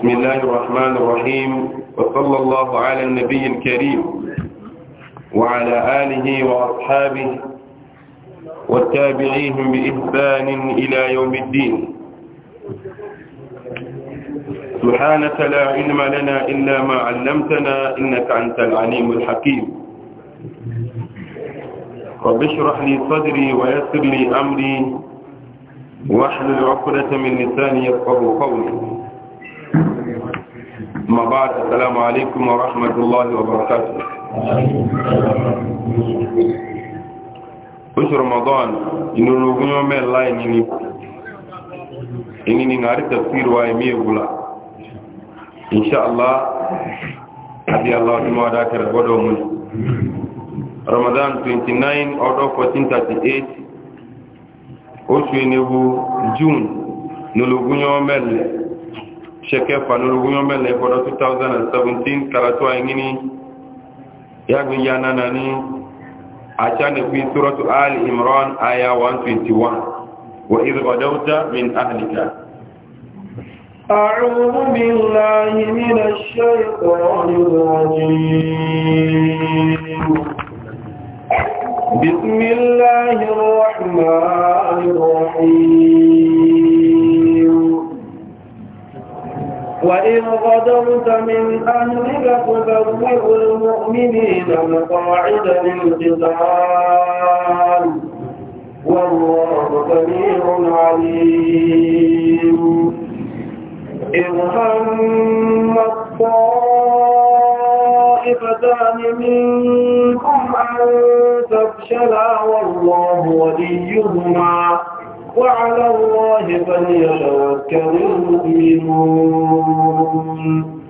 بسم الله الرحمن الرحيم وصلى الله على النبي الكريم وعلى آله وأصحابه والتابعيهم بإحسان إلى يوم الدين سبحانك لا علم لنا إلا ما علمتنا إنك أنت العليم الحكيم رب اشرح لي صدري ويسر لي أمري واحلل عقدة من لساني يفقه قولي ما بعد السلام عليكم ورحمة الله وبركاته oṣù ramadan inúrogún yọ mẹ́rin láì níní ìníní àrí tafsirwa ẹ̀mí ìwúlá inṣáàlá àbí aláwọ̀dúnmọ́ adákẹ̀rẹ̀ gbọ́dọ̀ mú ramadan 29 ọdọ́ 1438 oṣù ìníwú june nulogún yọ mẹ́rin cheke fanuru huyo mbele kwa 2017 karatu ingini yangu yana nani achane kwa suratu ali imran aya 121 wa idh min ahlika أعوذ بالله من الشيطان الرجيم بسم الله الرحمن وإن غدرت من أهلك تبوئ المؤمنين مقاعد للقتال والله سميع عليم إذ هم الطائفتان منكم أن تفشلا والله وليهما وعلى الله فليتوكل المؤمنون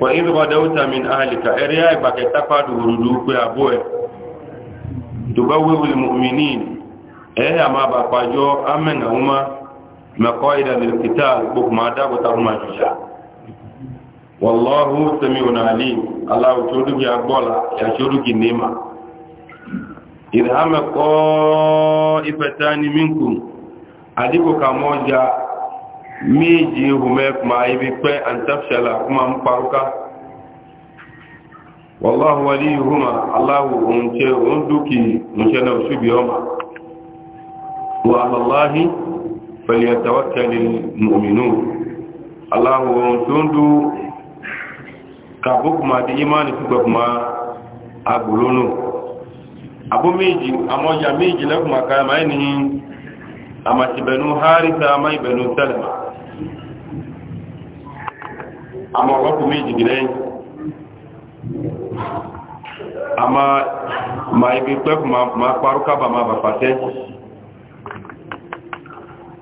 وإذ غدوت من أهلك إرياء بكتفا دهردوك يا بوي تبوئ المؤمنين إيه ما بقاجو أمن هما مقايد للقتال بكما دابتهما شجاع والله سميع عليم الله تشودك يا بولا يا شودك النيمه ìrìhámẹ kọ́ ìfẹ̀tà ní mínkù àdíkò ka mọ́ ja méjì hùmẹ́ kuma ibi pẹ́ àntafṣẹ́lá kuma ń parúká wàláhù wà ní ìhùmà aláhù oúnjẹ oúnjẹ oúnjẹ náà ṣúbí ọmọ wà aláláhì pẹ̀lú ẹ̀tàwọ́kẹ́lì mọ̀mìnú di imáni agbòrónù abu méjì àmọ́ ọjà méjì lẹ́kùn àkàrà máa ní àmàtì bẹ̀nu harisa àmà ìbẹ̀nu sẹ́lẹ̀mà àmọ́ ọlọ́kùn méjì gìlẹ́ àmà ma ibi pẹ́kùn ma parúkàbà ma bàfàtẹ́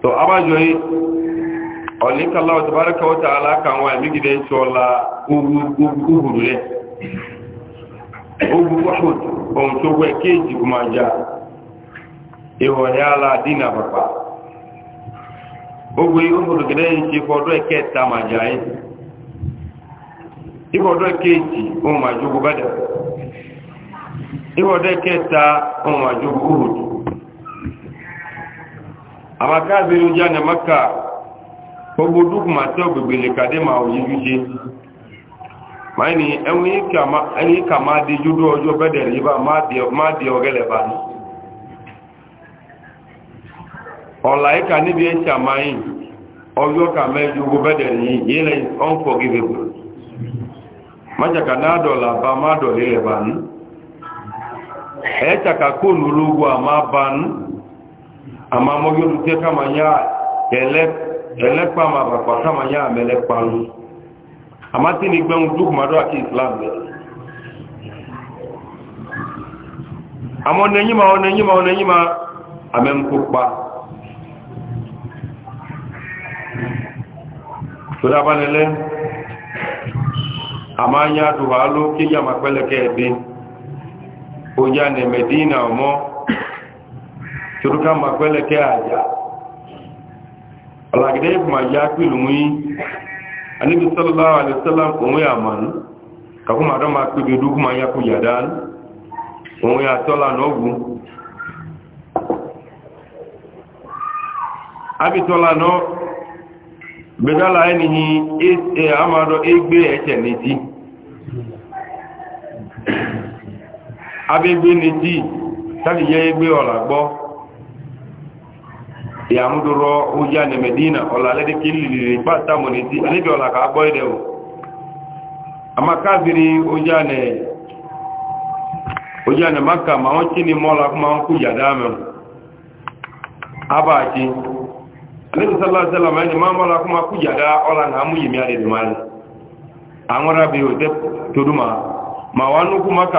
tó abájọ́ yìí ọ̀lẹ́kàláwọ̀ tàbárakà wọ́ta alákàwọn àmì gìlẹ́ ìṣọ́lá uhudu rẹ̀ ogun wahud ohun tó wẹ́ kéèjì kò já ìwọ̀ ní aládínà pàpà ogun ìhòhòrò gẹ́gẹ́ yìí ṣe fọdọ́ ẹ̀kẹta máa já yìí eke kéèjì ohun máa jogo bẹ́dẹ̀ ìfọdọ́ ẹ̀kẹta ohun máa uhud àmàkáàbìrì ń já ní maka gbogbo tẹ́ ògbègbè lè kàdé máa maini ẹwọ ẹni ka ma di júdú ọjọ́ bẹ́dẹ̀ rí bá má di ọgẹ́lẹ̀ bá ní ọ̀là ẹka níbi ẹ̀ ṣà máa yìn ọjọ́ ka mẹ́jọ́gbọ́ bẹ́dẹ̀ yìí yílẹ̀ ọ̀nfọ̀gìbẹ̀bù májàkà náà dọ̀là bá má dọ̀lẹ́lẹ̀ bá ní àmá tí ní gbẹ̀hùn dúkùmádọ́ àti islam rẹ̀ àmọ́ ọ̀nẹ́yìnmá ọ̀nẹ́yìnmá ọ̀nẹ́yìnmá àmẹ́mkópa tó dábánilẹ́ àmá yá dùwà ló kí yà má pẹ́lẹ̀kẹ́ ẹ̀dẹ́ ó yá ní ọmọ tòrúká má pẹ́lẹ̀kẹ́ àjà anibi sallallahu alaihi wasallam onwe ya manu ka kuma don ma kpe bedu kuma ya ku yadan onwe ya tola n'ogu abi tola no bedala enihi e amado egbe eche neti abi egbe neti tabi ye egbe ola gbo yàmúdúró ojá ní medina ọ̀làlẹ́dẹ́ kí lìlìrì pàtà mọ̀ ní tí alébì ọ̀làkà agbọ́ ẹ̀dẹ̀ o a ma káàbìrì ojá ní maka ma wọ́n kí ni mọ́lá kúmà wọ́n kú yàdá mẹ́rin abáàkí alébì sálásẹ́lá mẹ́rin ma mọ́lá kúmà kú yàdá ọ̀là náà ma wọ́n nú kú maka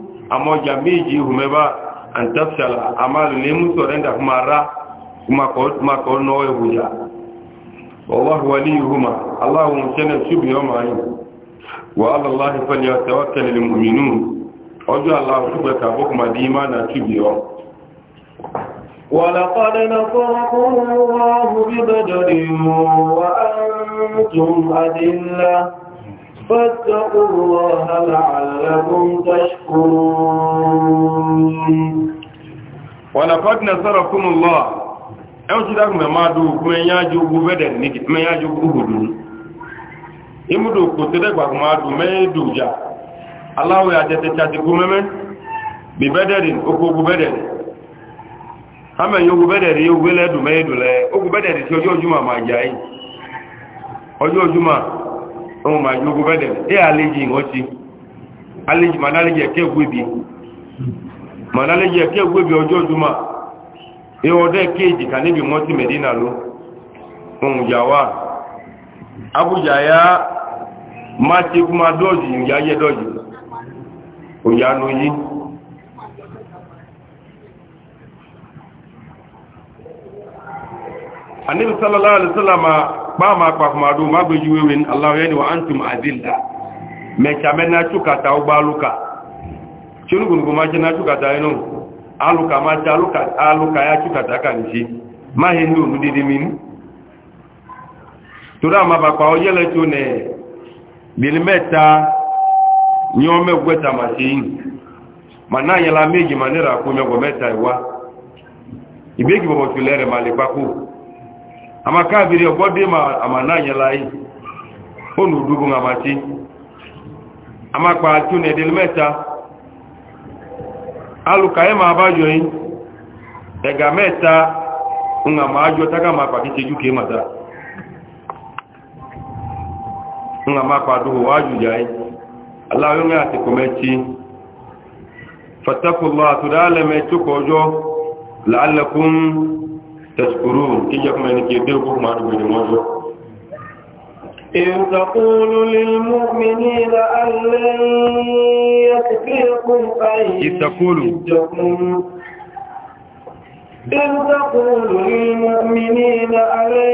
amoja meji humeba antafsala amalu nemu sorenda kumara kumako mako noe huja wallahu waliyuhuma allah mutana shubi yoma ayi wa ala allah falyatawakkal almu'minun ojo allah shubi ka bokuma di imana shubi yo ولقد نصركم الله ببدر وأنتم أذلة فاتقوا الله لعلكم تشكرون ولقد نصركم الله ẹwọ́n dákùn mẹ́màádù mẹ́yànjú ogun bẹ́dẹ̀ ní mẹ́yànjú mee. Bi kò tẹ́lẹ̀ gbàgbàmàádù mẹ́ẹ̀dù jà aláwẹ̀ ya tàbíkú mẹ́mẹ́ bí bẹ́dẹ̀rin okò ogun bẹ́dẹ̀rin hamẹ̀yìn ogun bẹ́dẹ̀rin yóò ọmọ ma ju ogun fẹ́dẹ̀ ẹ àlejì ìwọ́tí àlejì màdálejì ẹ̀kẹ́ ògbébi màdálejì ẹ̀kẹ́ ògbébi ọjọ́ ọdúnmà ẹ ọdẹ kéèjì kà níbi mọ́tí mẹ̀dínà ló ohun yàwá abújà ya má ti kú ma dọ́ọ̀jì ìyá yẹ dọ́ọ̀jì òyà nu yí anibi sallallahu alaihi wasallam kpa ma kpa kuma do ma gbeju wewe ni allah yani wa antum azilla me chame na chuka ta ubaluka chulu gungu ma chena chuka ta eno aluka ma cha aluka aluka ya chuka ta kan shi ma he ndu didi min tura ma ba kwa oyele tune bilimeta nyome gweta masin mana yela meji manera kunyo gweta iwa ibegi bobo tulere malipaku ama káàbìrì ọgbọ́dé àmà náà yẹ láyé fóònù dúgbò àmàtí a máa pa tí ó ní ẹ̀dẹ̀lẹ̀ mẹ́ta alùkàyẹ́ máa bá yọ yìí ẹ̀gà mẹ́ta ń àmà ájọ tágà máa pàtí tẹjú kìí màtà ń àmà pàdó wájú yáyé aláwẹ́ àti kọmẹ́tí fàtàkùnlọ àtúdálẹ́mẹ́ tó kọjọ́ làálẹ́kùn تشكرون كيف ما نكيدوكم ما نبني موجود إذ تقول للمؤمنين أن لن يكفيكم أن يجدكم إن تقول للمؤمنين ألن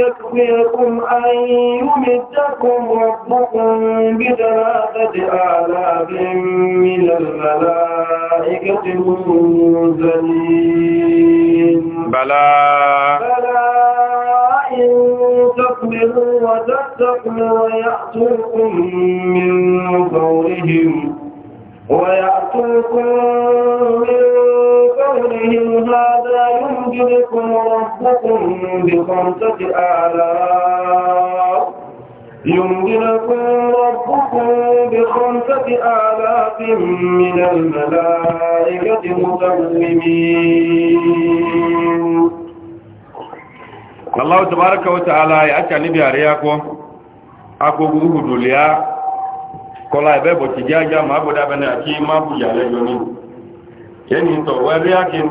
يكفركم أن يمدكم ربكم بثلاثة آلاف من الملائكة المنزلين بلى بلى إن تقبلوا وتتقوا ويأتوكم من فورهم ويأتوكم من قولهم هذا يمجدكم ربكم بخمسة آلاف يمدلكم ربكم بخمسة آلاف من الملائكة مسلمين الله تبارك وتعالى يأتي نبي رياكم أكو بوه دوليا kọlá ẹ̀bẹ́ bọ̀ ti jájá máa bọ̀ dábẹ́nà àti máa bù yà lẹ́yọ ní ẹni tọ̀ wẹ́rí ákin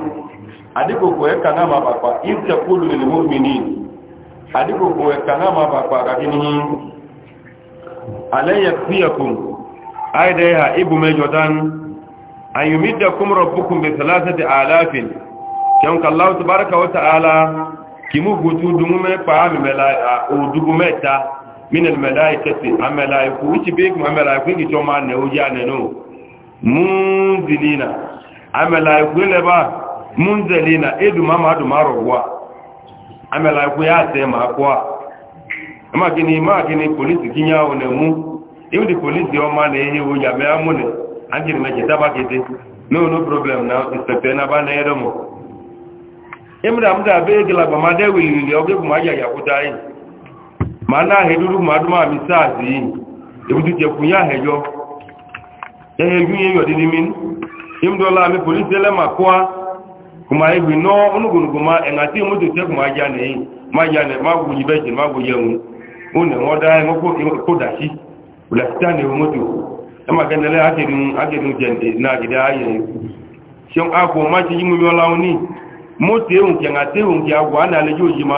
adíkòkò ẹ̀ka náà máa bàpà ìtẹ̀kùlù ní mọ́mìnì adíkòkò ẹ̀ka náà máa bàpà kàkí ní alẹ́yẹ fíyẹ̀kùn àìdẹ́ ha ibù mẹ́jọ dán àyùmídẹ̀kùn rọ̀bùkùn bẹ̀ sàlásẹ̀tì àláfin kẹun kàláwù tàbárakà min almalaikati amalaiku wuci be kuma amalaiku ki to ma ne uja le ba munzilina edu mama du marwa amalaiku ya se ma kwa ma kini ma kini police kinya one mu iwu di police o ma ne ehe uja me amune anjiri me jeta ba kete no no problem na inspector na ma de wili ni oge ya ma na ahịa duru ma adụm amị saz iyi ebudu chekwu ya ahịjọ ehe ju ihe yọdị n'imi imdola amị polisi ele ma kụa kuma ebi nọ onugunugu ma ẹ̀ngàtí mọ́tò tẹ́kù ma já a ma já nìyí ma wùyí bẹ́ẹ̀ jẹ́ ma wùyí ẹ̀hún ó nì wọ́n dá ẹ̀wọ́n kó ma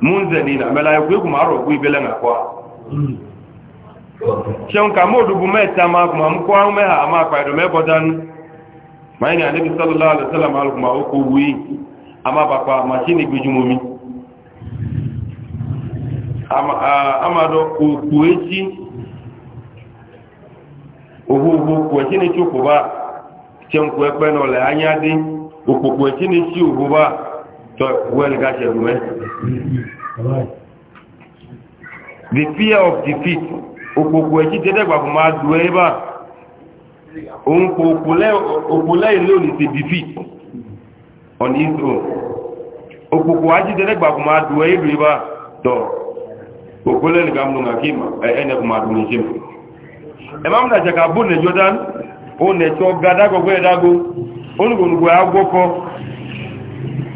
munzanina malayiku yi kuma ibele gwi belen akwa hmm. shan kama odubu mẹta ma kuma mu ume ha ama ma faido mẹbọdan sallallahu alaihi a ma bakwa mashini gbejumomi amado okwu echi ohuhu okwu echi ni chi ba shan kwu ekpe na ọlẹ anya dị ni chi ba tọ́ wẹ́lì ká ṣe ẹ̀dùnmẹ́. the fear of defeat òpòpò ẹ̀jí tẹ́tẹ́gbà fún máa dùn ẹ́ bá òun kò òpò lẹ́yìn lónìí ti defeat on his own òpòpò ají tẹ́tẹ́gbà fún máa dùn ẹ́ bá tọ́ òpò lẹ́yìn ká mú nàkí ẹ̀ẹ́nẹ̀ fún máa dùn ẹ́ ṣe. ẹ̀ma mú nàjẹ̀ká bó nẹ̀jọ́ dánú ó nẹ̀jọ́ gadágọ́gbẹ́ ẹ̀dágó ó nùgbòǹgbò àgbọ́kọ́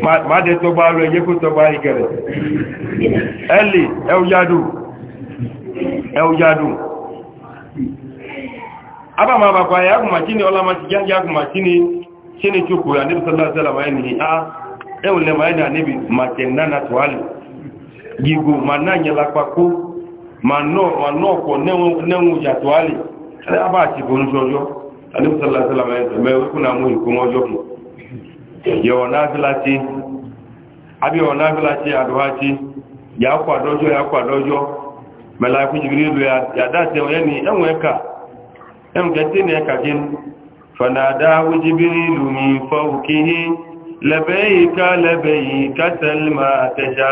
má dé tó bá lọ ẹyẹ kó tó bá ìgẹ̀rẹ̀ ẹlì ẹwùjádù ẹwùjádù abáma bàbá yàgùnmàtí ni ọlámàtí yàgùnmàtí ni ṣe ni tó kòrò àníbi sọ́lọ́sọ́lá máa ni a ẹwùlẹ̀ máa ní àníbi màtẹ̀nánà tòhálì gígò ma náà yẹ lápapọ̀ ma náà ọkọ̀ nẹ́wọ̀n ìyà tòhálì abá àti ìbòrúṣọ́jọ́ àníbi sọ́lọ́sọ́lá máa ní ya náàfílà tí abíyọ̀wọ̀ náàfílà tí àdúwá ya yà á kwàdọ́jọ́ yà á kwàdọ́jọ́ mẹ́lá ikú jìbìrì lò yàdáàtẹ̀ ni ẹ̀wọ̀n ẹ̀ka ẹ̀mùkẹ́tẹ́ ni ẹ̀ka jẹ́ fanadáwó jìbìrì lù mí fọ́wùkíhí lẹ́bẹ̀ẹ́yìká lẹ́bẹ̀ẹ́yìká tẹ́lẹ̀mà tẹ́ṣà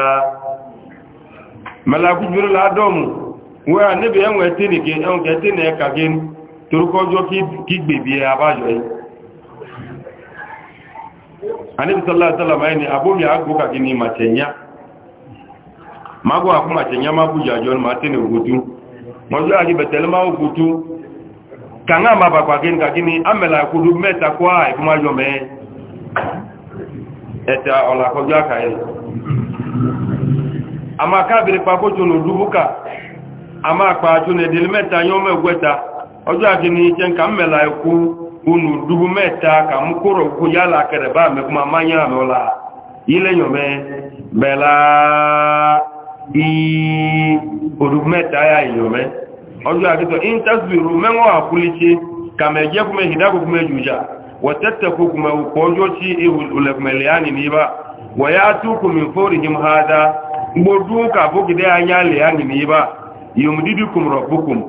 mẹ́lá ikú jìbìrì ládọ́mù wọ́n à níbi ẹ̀wọ̀n ẹ̀tẹ́ anibi sallallahu alaihi wasallam ni abomi agoka kini machenya mago aku machenya mabu jajon matene ugutu mozo aki betelma ugutu kanga maba kwa kini kaki ni amela kudu meta kwa ifuma jome eta ola koja kai ama kabiri pako chuno dubuka ama kwa chuno dilmeta yome gweta ojo aki ni chenka amela ku unu dubu mẹ́ta ka mú kúrò kú yálà kẹrẹ bá mẹ́ kuma mányà lọ́la ilẹ̀yàn mẹ́ bẹ̀lá ìí odùbù mẹ́ta yà èèyàn mẹ́ ọjọ́ àkítọ̀ intasbiru mẹ́wọ́n àkúlíṣe ka kúmẹ̀ ìdákùnkúmẹ̀ jùjà wọ̀tẹ́tẹ̀kùnkùmẹ̀ òkòójó tí ìhùlẹ̀kùnmẹ̀ lè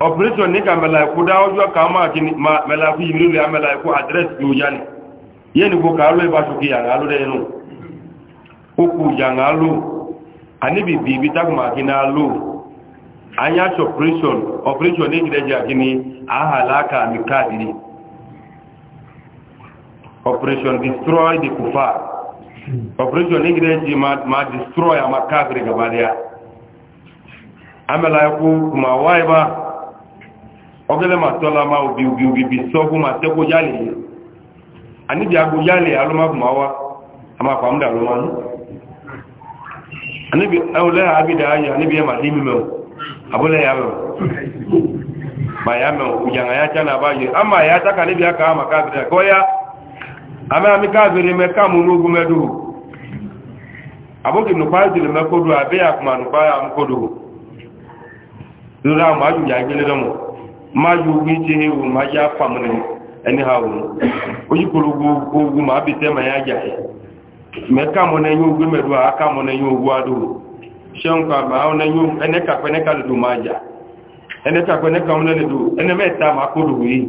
operation ní ka mẹ́láìkú dáwọ́jọ́ ká máa kí mẹ́láìkú ìmìlú lè mẹ́láìkú address yóò já ní yẹ́ ni gbogbo àálò ìbá ṣùgbé àálò rẹ̀ inú okù ìyàngálò àníbì bìbí tákùmà kí ní àálò operation operation ní ìdẹ́jẹ́ àti ní àhàlákà operation destroy the kufa operation ní ìdẹ́jẹ́ ma destroy àmà káàkiri gabadẹ́yà amẹ́láìkú kùmà wáyé bá ogele ma tola ma obi obi obi bi sogu ma te ko yale ani bi ago yale aloma bu ma wa ama pa mda lo manu ani bi awle abi da ayi ani bi ma limi me abule ya lo ma ya me u yanga ya tana ba yi ama ya ta ka ni bi aka ama ka bi ko ya ama mi ka bi me ka mu nugu me du aboki nu pa ti le me ko du abi akuma nu pa am ko du lura ma ju ya gele do mo maju wiji hewu maji afa mune eni hawu oji kulugu ogu ma abite ma ya jahi me ka mune nyu ogu me a, aka mụ na ogu adu shen ka ma ona nyu ene ka kwene ka du maja ene ka kwene ka mune du ene meta ma ko du yi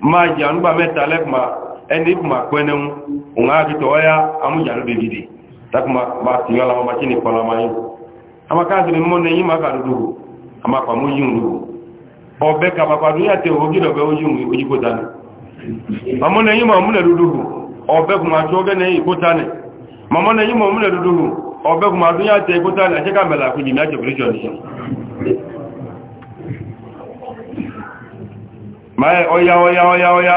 maja nba meta lek ma ene ma kwene mu unga di to ya amu jaru de gidi tak ma ba ti yala ma chini kola ma yi ama ka zuri mune yi ma ka du ama pa mu yi ndu ọ̀bẹ kàpàpàdé yàtẹ̀ ògìdọ̀ bẹ ojúkòta ni mamọ́nà yí ma múlẹ̀ dúdúhù ọbẹ̀ kùnmà tó gẹ́nẹ̀ ìkóta ni mamọ́nà ma múlẹ̀ dúdúhù ọbẹ̀ kùnmà tó yàtẹ̀ ìkóta ni àṣẹ́kà mẹ́lá fún jìmí àjẹ́ pẹ̀lú máa ọya ọya ọya ọya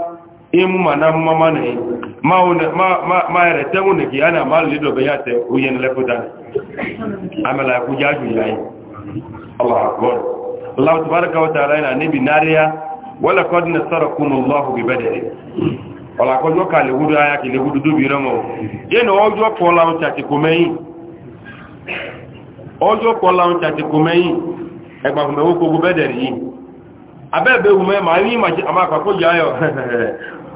imu mana mama ne ma ma ma ma ere te une ki ana mal lido be yate u yen le kuta amala ku jaju yayi Allah akbar Allah tbaraka wa taala ina nabi nariya wala qad nasarakum Allah bi badr wala ko jo kale wudu aya ki le du bi ramo yen ojo ko la unta ti kumeyi ojo ko la unta ti kumeyi e gba me wo ko bedere yi abẹ́ẹ̀bẹ̀ wùmẹ́ màá ní ìmàṣẹ́ àmàkàkó yáyọ̀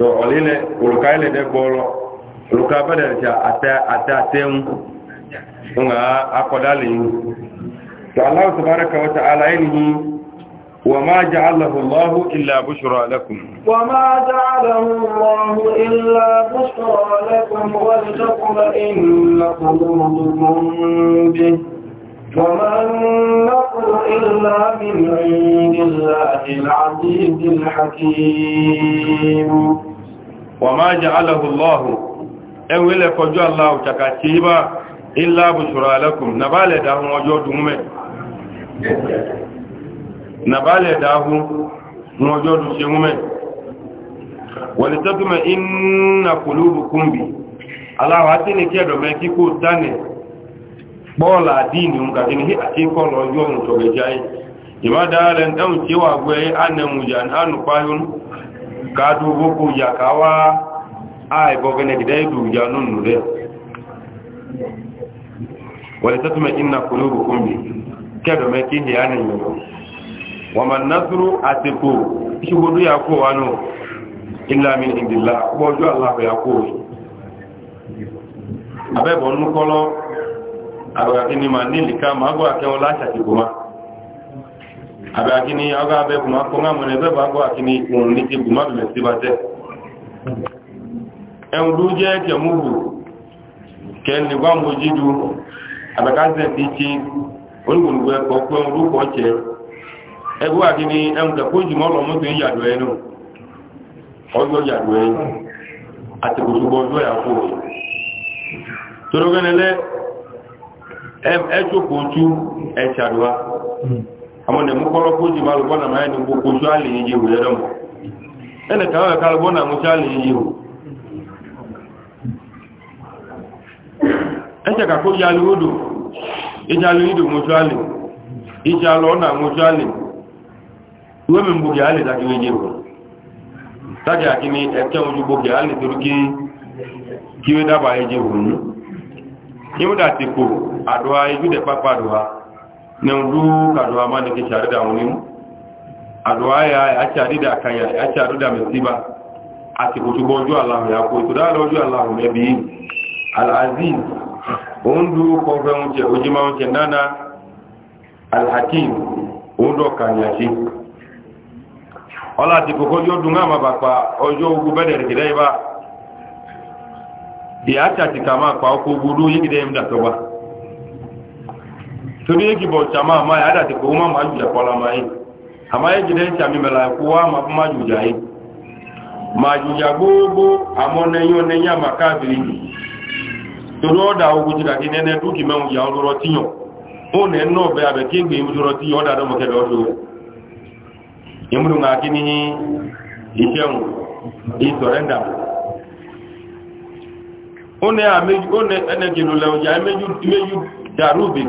to oline uluka ile de bolo uluka bada cha ata ata tem unga akodali to allah subhanahu wa ta'ala inhi وما جعله الله إلا بشرى لكم وما جعله الله إلا بشرى لكم ولتطمئن قلوبكم به وما النقل إلا من عند الله العزيز الحكيم wa ma ja'alahu Allah ewe le kojo Allah taka tiba illa bushra lakum nabale dahun ojo dumume nabale dahun ojo dumume wa litatma inna qulubukum bi Allah wa tini kedo me kiku dane bola dini unka tini hi akiko lo yo ntobe jai imada len dawun ciwa gwe anan mujan anu payun kadu gbogbo ya káwá àìbọ̀gẹ́nẹ̀ gidẹ́ ìlú ya lónìí rẹ̀ wọ́n lè tẹ́tùmẹ̀ iná kúrò kúmbi kẹ́dọ̀mẹ́ kí ní a nìyàn wọ́n ma násúrú àtẹ́kù ìṣògbódó ya kó wa nù ìlàmì ìdìlá pọ́jú aláàbò ya kó abẹ́bọ̀ abe akini aga abe kuma akini ni gwa mujidu abe ka ze dichi olgun gwe ko ko en ru ko che e bu akini en ka ko ji mo lo mo tin ya do enu ojo ya do enu ati ya toro chu e àmọ́ nẹ̀mú kọ́lọ́ kó jù máa lọ bọ́nà máa ẹni gbogbo oṣù àlèyìn yìí rẹ̀ dọ́mọ̀ ẹnì kan wẹ̀ ká lọ bọ́nà mú sí àlèyìn yìí rò ẹ̀ṣẹ̀ kàkó ya lu odò ìjà lu idò mú sí àlè ìjà lọ ọ̀nà mú sí àlè nan du ka duwa ma da ke shari da wani a duwa ya yi a shari da kanya a shari da musiba a ti kutu boju allahu ya ko to da loju allahu ne bi al-aziz on du ujima on nana al-hakim on do kanya ci ti ko yo dunga ma ba pa ojo ugu bede de dai ba di acha ti kama pa ko gudu yi de mda to ba tobi yeki bo cama ma ada ti kuma ma ju pala ma yi ama ye jide cami me la kuwa ma ma ju ja yi ma ju ja gogo amo ne yo ne nya ma ka biri toro da o ku ti ka ne ne tuki me ya o ro ti yo o ne no be abe ki gbe mu ro ti yo da do mo ke do do yimu nga ki ni ni tiamu i torenda o ne a me o ne ene ki lo le o ja me ju me ju daru bi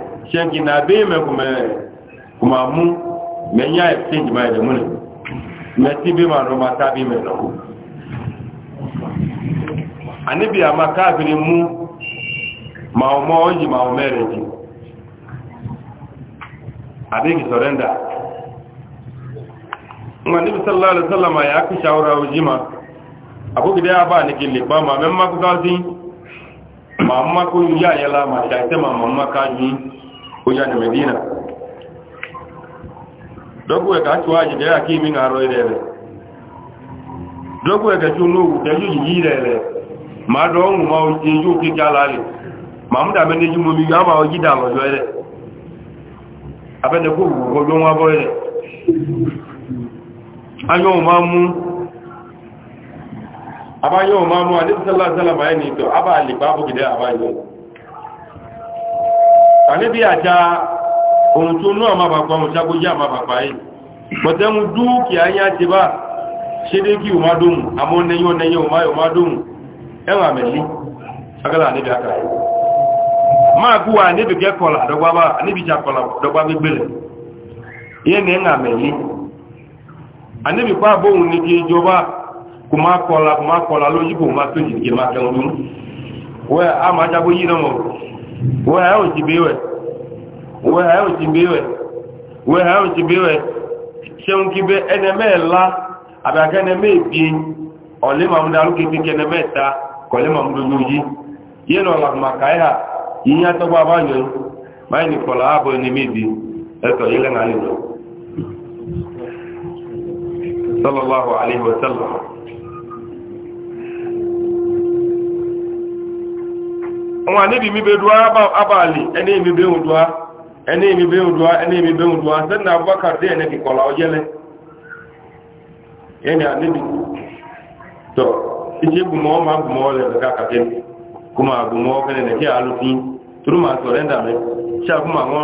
shenki na be me kuma kuma mu me nya exchange ma e da mun me ti be ma ro ma ta bi me no anibi ama ka bi mu ma o mo yi ma o mere ji abi ki surrender ngwa nabi sallallahu alaihi wasallam ya ku shawara ujima abu gida ba ni kin liba ma men ma ku gazi ma amma ku ya yala ma shaite ma mamma ka yi oja ni medina dogu e ka tuwa ji da ki mi ngaro ile dogu e ka tu nu da ju ji ile ma do ngu ma o ji ju ki ma mu da me ni ju mo mi ga ma o ji da lo jo ile abende ku do bo ile ayo ma mu abayo ma mu adi sallallahu alaihi wasallam to aba ali babu gida anabi àjà ohun tó nú àmà bàbá ohun ṣàgbójì àmà bàbá yìí pọ̀tẹ́mu dúkìá yá ti bá ṣédékì òmádóhùn àmọ́ nẹyìn ọ̀nẹyìn òmádóhùn ẹwà mẹ́lí agala anabi aka yìí máa kú wa anabi kẹ́ kọ́lá dọ́gba bá anabi jà kọ́lá dọ́gba gbégbélẹ̀ yẹn ní ẹ̀ńà mẹ́lí anabi kọ́ àbóhùn ní kí ìjọba kò máa weha ha iwe weha otibe iwe weha wee! iwe ṣeun kibe ẹnẹmẹ ẹla àbíakẹ ẹnẹmẹ ebie ọlẹ mamudu alukete kẹnẹmẹ ẹta kọlẹ mamudu lóyi yẹn lọ làkùnmá káyà ha Ihe atọgbọ abáyọ báyìí ní kọlọ ààbọ ẹnẹmẹ ebie ẹtọ yẹlẹ ńlá lẹnu sọlọ wọn níbi mibe duwa abali ẹni mibe duwa ẹni mibe duwa ẹni mibe duwa sẹ́ni abubakar dé ẹni kìkọ̀lá ọjẹ́lẹ̀ ẹni àníbi tọ́ iṣẹ́ gbùmọ́ ma gbùmọ́ lẹ̀ lẹ́ka kúmọ̀ gbùmọ́ kẹ́lẹ̀ turu ma sọ̀rẹ́ndà mẹ́ ṣàkúmọ̀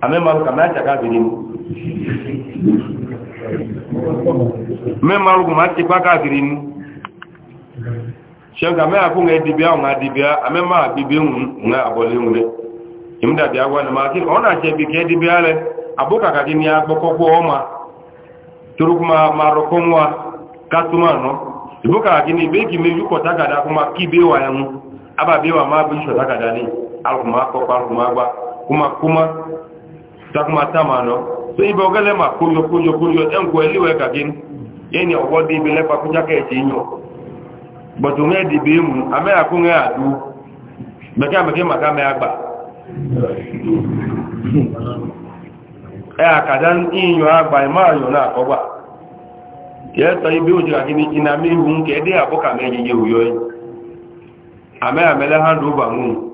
amemaru kama ajaka abirimu memaru kuma atikpa ka abirimu sɛnka mɛ ako ŋa edibia ŋa adibia amema abibi ŋu ŋa abɔli ŋu lɛ imudabi awa ne ma ki ɔna tse bi ke edibia lɛ abo kaka di ni agbɔkɔkɔ ɔma toro kuma ma rɔkɔ ŋua katuma nɔ ibo kaka di ni ibe ki meju kɔta gada kuma ki be wa ŋu aba be wa ma be sɔta gada ni alukuma akɔkɔ alukuma kuma kuma ta kuma ta ma nɔ so ibe o ma koyo koyo koyo ɛnko ɛliwɛ kaki yɛ ni ɔwɔ di ibi lɛ kpa kudza kɛ ɛtsi nyɔ bɔtɔ ŋɛ di bi mu amɛ ako ŋɛ adu meke amɛkɛ e e ma ka mɛ agba ɛ akada iyɔ agba ɛ ma na akɔgba yɛ tɔ ibe o dzi kaki ni ina mi hu kɛ ɛdi abɔ ka mɛ yeye o yɔ e. yi amɛ amɛ lɛ hã do ba ŋu.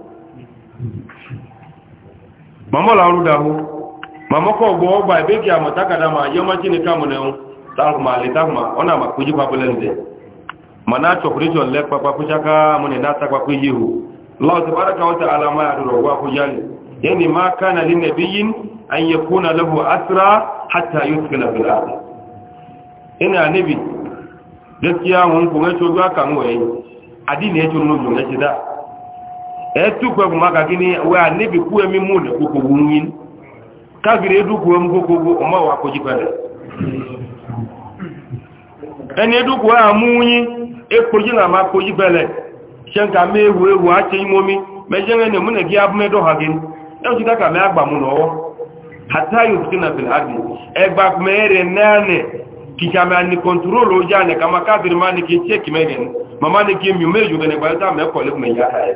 Mama la ɔlu da ho mamɔ kɔ gbɔ ɔgba ebe ki amɔ takada ma yɔma tsi ne ka mo ne ho tahuma le tahuma ɔna ma kpedzi kpakpɛ lɛ nudɛ ma na tsɔ kurisɔn lɛ kpakpa kutsaka mo ne na ta kpakpɛ yi o lɔsi baara kan ma yadu rɔ wa ko yali ma kana li nabi an ye lahu asra hatta yuskila fil ardi ina anabi gaskiya mun kun ga cogo kan waye adini ya tunu mun ga shi da etu bụ maka gịnị wee nebikwue m mụ na okpokogbu nyi kabiri edukwuo m gokogbu ọmawa kpojikwere ẹni edukwuo a mụ nyi ekpoji na ma kpojikwere ṣe nka mee ewu ewu ache ime omi meje nwe na mụ na gị abụmedo ha gị e ka mee agba mụ n'ọwọ hata yi ofisi na filhadi ẹgba mere naanị kìkà mẹ́ ni kọntúrólù ó já ní kàmà káàkiri máa ní kí ṣe kìmẹ́rin màmá ní kí mi méjì ọgbẹ̀nẹ̀gbà yóò tá mẹ́kọ̀ọ́lẹ́kùnmẹ̀ yára ẹ̀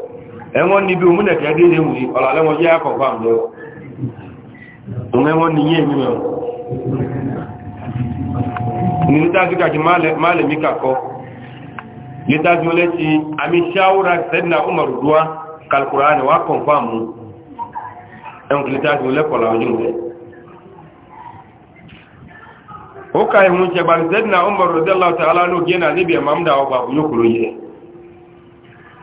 ẹ̀wọ́n níbi òmúnẹ̀kẹ́ adéde wù yí ọ̀làlẹ́wọ̀n yẹ́ àkọ̀fà mẹ́wọ̀ ẹ̀wọ́n ni yé mi mẹ́wọ̀ ní nítàzíkà kí máàlẹ̀ mí kàkọ́ nítàzí olé ti àmì ṣáwúra sẹ́dínà umaru duwa kalkura ni wá kọ̀fà mú ẹ̀wọ̀n kì nítàzí olé kọ̀lá ojú rẹ̀ ó ká ìhun ṣẹ̀gbà sẹ́dínà umaru dẹ́láwọ̀ tààlà ló gẹ́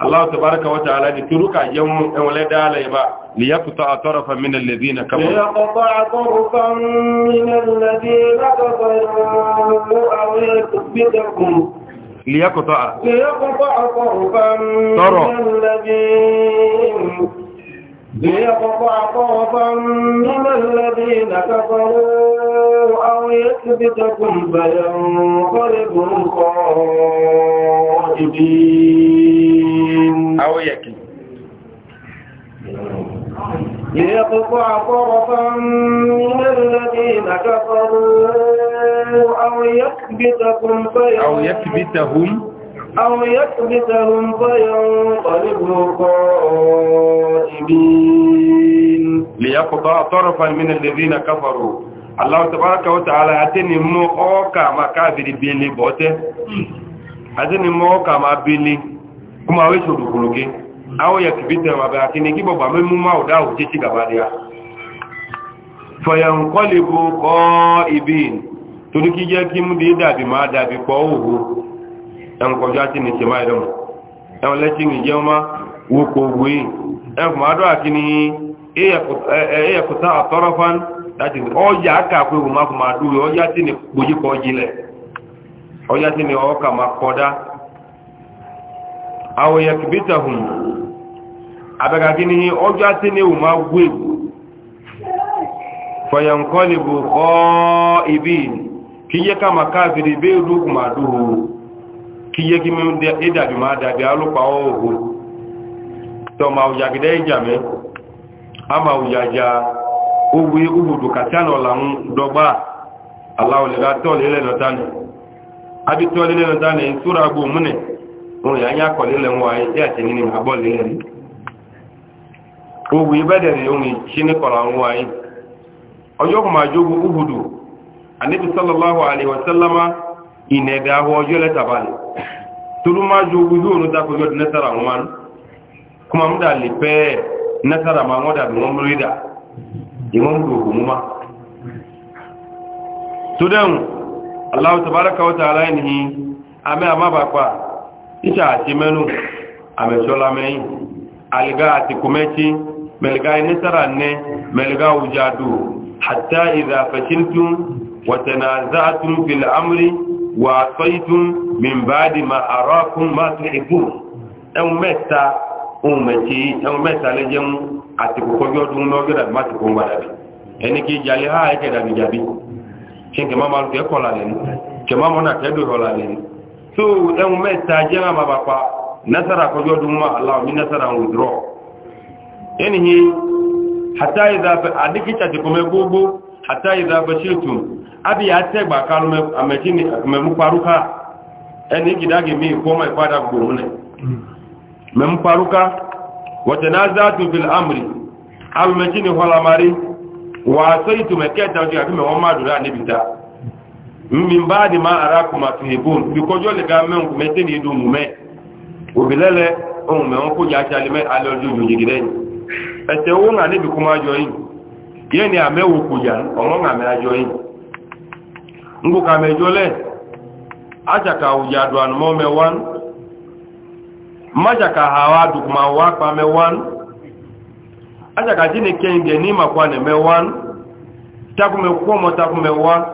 Allah tabaraka wa ta'ala ni turuka yawm wala dala ba li yaqta tarafan min alladhina kafaru li yaqta tarafan min alladhina kafaru aw yakbidakum li yaqta li yaqta tarafan min alladhina ليقطع طرفا من الذين كفروا أو يثبتكم فينقلبوا خائبين awóyẹ̀kì ليقطع طرفا من الذين كفروا أو يكبتهم فينقلبوا أو يكبتهم أو يكبتهم فينقلبوا خائبين ليقطع طرفا من الذين كفروا Allah tabaraka wa ta'ala atini mo oka makabiri bili bote atini mo oka mabili kuma awe so dukuruke awo ya kibita mabe akini kibo ba memu ma oda ojiti gabadia fayan qalibu qaibin tuniki je kim di da bi ma da bi ko ohu en ko jati ni se mai dum en le ti ni je ma wo ko wi en ma do akini e ya ko e, e, e ya ko ta tarafan oya o ya ka ko ma ko ma du o ya ti ni boji ko jile o ti ni o ma koda awo yakibita hum abegagi ni ọjọ́ ati ni wò máa gbé fọyọ̀nkọ́lìbù kọ́ ibi kíyẹ ká ma káàkiri bí i dúkù máa dúró kíyẹ kí mẹ́rin ìdàbí máa dàbí alópàá òhù tọ ma òjàgídẹ́ ìjàmẹ́ a ma òjàjá owó ìhùdù kàtàlù ọ̀làun dọgbà aláwọ̀lẹ̀dá tọ́lẹ̀lẹ̀ wọn yà nyà kọ̀lé lẹ̀ wọn ayé yà tẹ̀lé ní abọ́ lé lẹ̀ ní. òwú ibẹ̀ dẹ̀ ohun ìṣe ní kọ̀lá wọn ayé. ọjọ́ kò uhudu anabi sallallahu alayhi wa ìnẹ̀dẹ̀ ahọ́ ọjọ́ lẹ́ta balẹ̀. tolu máa jogun yóò nu dáko yọ̀dù nẹ́sàrà wọn kuma mu da lè pẹ́ nẹ́sàrà máa wọ́n dàbí wọ́n múlẹ̀ dà ìwọ́n tó iṣẹ́ àti mẹ́nu àmẹ́ṣọ́lá mẹ́yìn alìgá àti kùmẹ́tí mẹ́lìgá inísára nẹ́ mẹ́lìgá òjádù àtà ìdàfẹ́ṣíntún wàtẹ̀nàzáàtún fìlẹ̀ amúrí wà sọ́yítún mìmbáàdì ma àrọ́kún má tún ìgbò ẹun mẹ́ta ohun mẹ́tí ẹun mẹ́ta lẹ́jẹun àti kòkòjọ́ ọdún lọ́gẹ́dà má ti kó ń gbàdàbí ẹni kí jalè háà ẹ̀kẹ́dàbí jàbí ṣe kẹmọ́ máa ń kẹ́kọ̀ọ́ lálẹ́ ni kẹmọ́ mọ́nà kẹ́dùn ìrọ̀lálẹ́ so ẹ̀hún mẹ́ta jẹ́ máa bàbà pa nasara kọjọ́ dún mọ́ aláwọ̀ ní nasara ń wùdúrọ̀ ẹnìyí àdíkìtà ti kọmẹ gbogbo àtà ìdáfẹ́ ṣètò àbí àtẹ́gbà kálù mẹ́mú parúkà ẹni ìgìdágì mí ìfọ́mọ̀ ìpadà gbòrò nẹ̀ mẹ́mú parúkà amri alùmẹ́jì ni họlamari wà sẹ́yìtù mẹ́kẹ́ta ọjọ́ àbí mẹ́wọ́n má min baadi ma arakuma tuhibun bikojo le ga men ko mete ni du mume obilele on oh, me on ko ja chali me ale oju ju jigire ni ete wo nga ni bikuma jo yi ye ni ame wo ko ja omo nga me ajo yi ngo ka me jo le aja ka uja do an mo me wan maja hawa du kuma wa pa me wan aja ka jini kenge ni ma kwa ne me wan takume kwa mo takume wa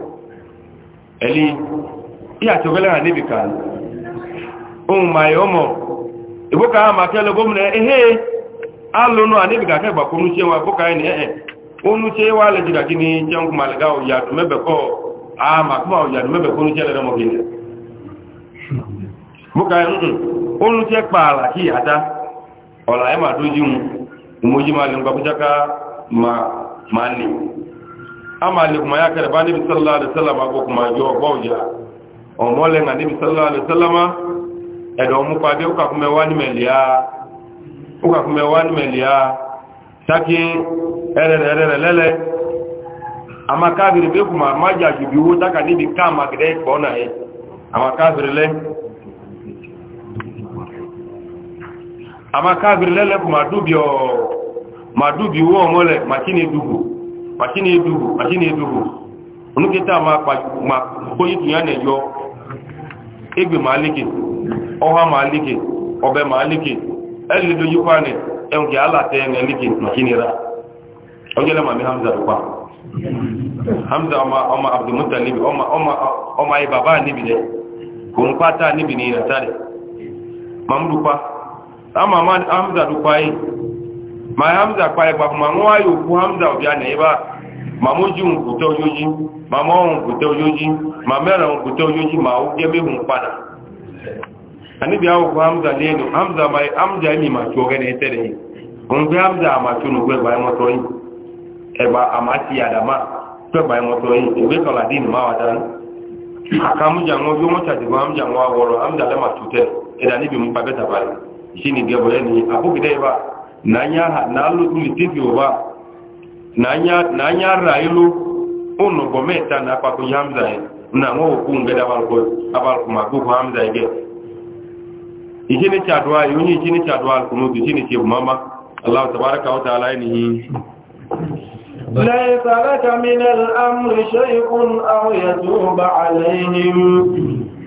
ẹni ìyàtí ọgbẹ́lẹ̀ hàn níbi kan ohun maye ọmọ ìgbókà àmà kẹ́lẹ̀ gómìnà ehé alónú àníbìkà kẹgbà kó núṣe wọn ìgbókà ẹni ẹ̀ẹ̀ ó núṣe wà lè jìdà kí ní jẹun kó màlẹ̀gá òyàdù mẹ́bẹ̀kọ́ ma ma ama le kuma ya kare ba nabi sallallahu alaihi wasallam ko kuma yo bawja o mo le nga nabi sallallahu alaihi wasallam e do mu kwa ka kuma wani melia o ka kuma wani melia taki ere ere ere lele ama kafiri be kuma maja ju bi wo taka nabi kama gide ko na e ama kafiri le ama kafiri lele kuma dubio madubi wo mo makini dubu pàtí ní edugbo pàtí edugbo onúkẹta ma kóyí tún yánà yọ égbè máa ọha máa lékè ọbẹ máa lékè ẹlẹ lójú pàánẹ ẹn kì álàtẹ ẹn nira ọjọlẹ màmí hamza hamza ọmọ ọma ọma dẹ Ma ama hamza ló pa yìí hamza kpa ma wọn wáyé òkú hamza ọbí àná yìí ma mojú nkùtẹ́ ojójí ma mọ́rùn nkùtẹ́ ojójí ma mere nkùtẹ́ ojójí ma ó jẹ́ méhùn padà anibi awoko hamza lẹ́nu hamza ma hamza mi ma tí ọgẹ́ náà tẹ́lẹ̀ yìí òun gbé hamza àmàtí olùgbé Adama kwe gbaa ẹgbà àmàtí àdàmà tó ẹgbà ma yìí aka kọlàdí ni máa wà dání àkàmújà wọn bí wọn hamza na na anya ra ilu unu gometa na akpako ya hamza na nwa okwu ngede abalụkụ ma gụgụ hamza ige ijinicha adụa ya onye ijinicha adụa alụkụ n'otu ijinicha bụ mama allah tabaraka wa ta'ala inihi ليس لك من الأمر شيء أو يتوب عليهم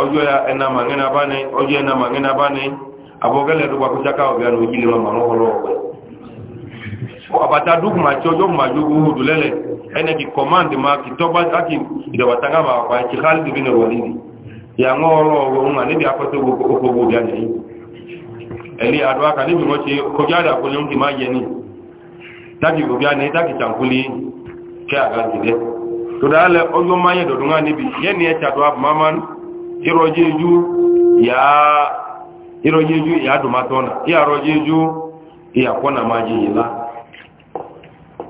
ọjọ́ ya ẹna màngẹ́nà bá ní ọjọ́ ẹna màngẹ́nà bá ní àbọ̀gẹ́lẹ̀ tó gbàkú sáká ọ̀gá ní ojú lẹ́wọ̀n màmú ọlọ́ ọ̀gbẹ́ àbàtà dúkùmà tí ọjọ́ kùmà jó owó odò lẹ́lẹ̀ ẹnẹ kì command ma kì tọ́gbà láti ìdọ̀bà tanga ma wà kì hali dùbí ní wọlé ni yàngọ́ ọlọ́ ọ̀gbẹ́ òun àníbi afẹ́tẹ́ gbogbo bí àná yìí ẹ̀lẹ́ àdúrà kà níbi wọ́n ṣe kọjá àdà kó lóun kì má yẹ ni táàkì gbogbo àná táàkì tàǹkúlé kẹ́ àgàǹtì lẹ́ tòdà alẹ́ ọjọ́ máa yẹ irojeju ya dumatona ya rojeju ya kona maji ila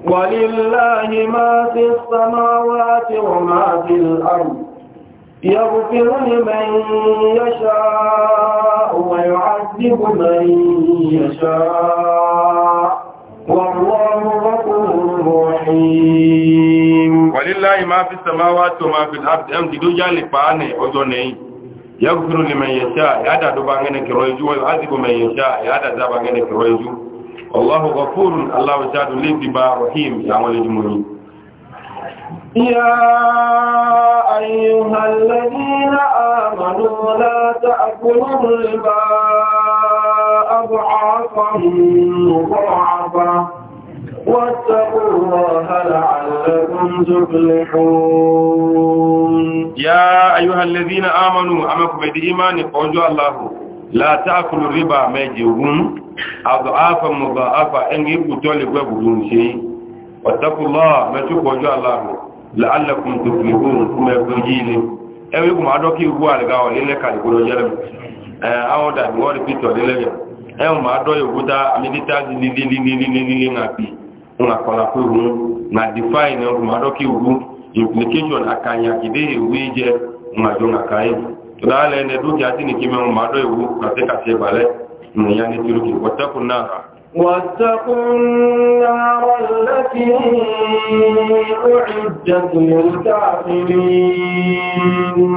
walillahi ma fi samawati wa ma fi al-ard yaghfiru liman yasha'u wa yu'adhibu máa fi sàmáwá tó máa fi láti ẹm ti dójá lè pàá ní ọjọ́ nẹ́yìn yẹ́gùfúrú lè mẹ̀yẹ̀ ṣá yádà tó bá gẹ́nẹ̀ kẹrọ ijú wọ́n lásìkò mẹ̀yẹ̀ ṣá yádà tó bá gẹ́nẹ̀ kẹrọ ijú ọlọ́hu gọfúrú aláwọ̀ ṣáàdù lè fi bá rahim àwọn lè jùmọ̀ yìí. يا أيها الذين آمنوا لا تأكلوا الربا أضعافا مضاعفا واتقوا الله لعلكم تفلحون يا أيها الذين آمنوا أمكم بإيمان قوجوا الله لا تأكلوا الربا ما يجيبون أضعافا مضاعفا أن يبقوا تولي ويبقون شيء واتقوا الله ما تقوجوا الله لعلكم تفلحون كما يبقين ẹwé kùn àdọ́kì ìwú àrẹ̀gá ọ̀lẹ́lẹ́kà ìgbòrò jẹ́rẹ̀ àwọn ọ̀dà ìwọ́n rí pítọ̀ lẹ́lẹ́rẹ̀ ẹ̀wọ̀n máa dọ́ ìwúta àmì títà lílílílílílílí àpì ŋa kɔla ko ru ŋa define ŋa ma dɔ ki ru implication akanya kide ewu jɛ ŋa jɔ ŋa ka ye tuna alɛ ne du jati ni kimi ŋa ma dɔ ewu ka se ka se balɛ ya ne turu ki wɔtɛ kun na ha. واتقوا النار التي أعدت للكافرين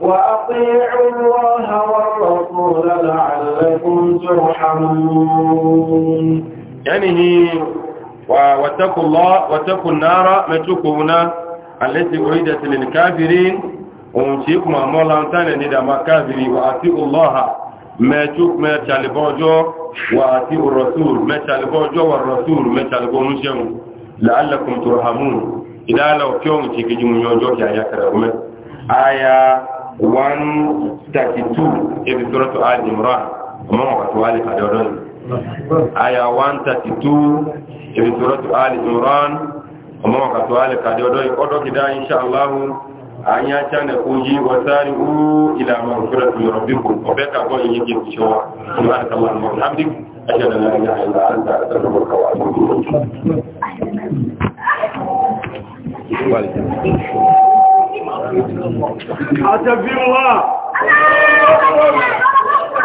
وأطيعوا الله والرسول لعلكم ترحمون يعني واتقوا الله واتقوا النار متوكونا التي أعيدت للكافرين ومشيكم أمولا تانا ندى ما كافري وأطيعوا الله متوك متالبوجو وأطيعوا الرسول متالبوجو والرسول متالبوجو لعلكم ترحمون إذا لو كيوم تيكيجم يوجو يا يكرم آية 132 في سورة آل عمران وما وقت والي قد aya 132 ibi suratu ali imran ọmọ wakàtò alì kàdé ọdọ́ kìdá inṣàláhù àyà chánà kújí wàtàrí ó ìlàmà òfúrẹ́ tó yọrọ̀ bí kò ọ̀bẹ́ kàbọ̀ yìí jẹ́ ìṣọ́wà ọmọ àkàlà mọ̀ lábí ajẹ́dà náà ní àyà àǹtà àtàkùn kàwà Àtẹ̀bí wọn!